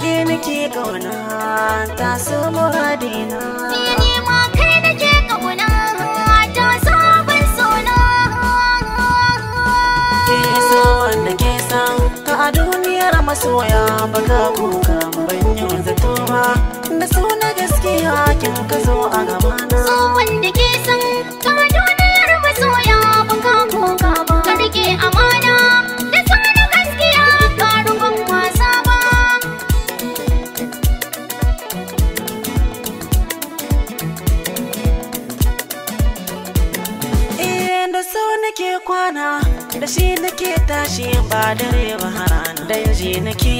Ke nake kauna ta so muradina. Ni ne ma kai nake kauna ta so abin sona. Ke so wanda ke san a duniyar masoya baka kuka ban yi zato ba. Da suna gaskiya kin ka zo a gabana. wanda ke san kwana da shi nake tashi ba dare ba rana da yanzu nake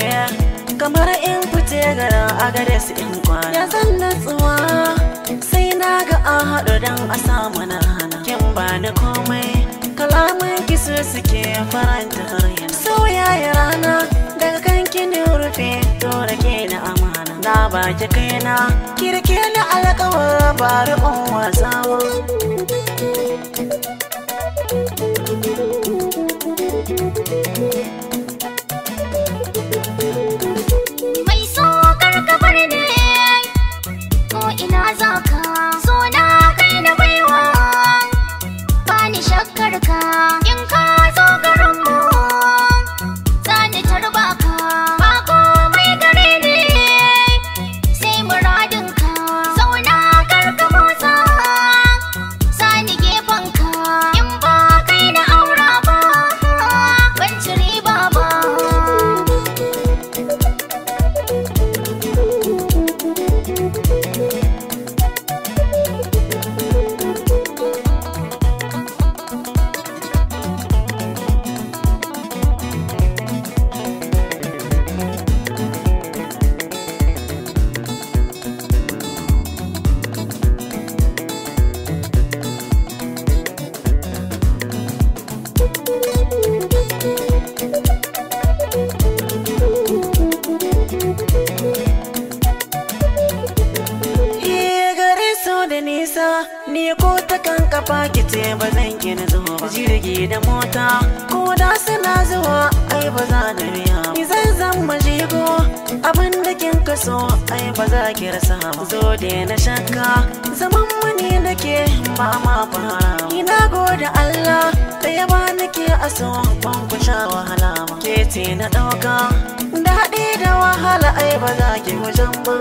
kamar in fice garin su in kwana ya zan natsuwa sai na ga an haɗu don a samu na hana kin ba ni komai kalaman kiso suke faranta harya sauya ya rana daga kankin rufe dora ke na amana na baki kaina kirke na alƙawar bari in wasawa kan kafa ki ce ba zan ki zuwa jirgi da mota ko da suna zuwa ai ba za na biya ni zan zan majigo abin da kin kaso ai ba za ki rasa ba zo da na shakka zaman mani nake ba ma fara ina gode Allah da ya ba ke aso ban ku sha wahala ba. ke ce na dauka daɗi da wahala ai ba za ki wajen ba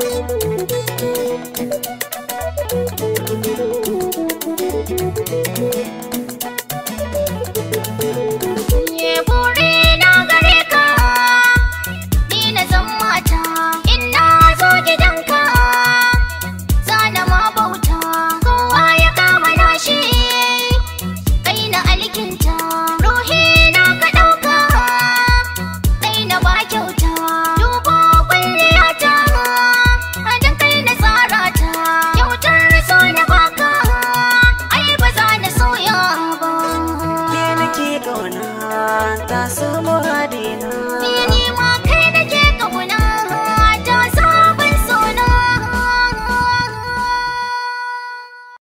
more.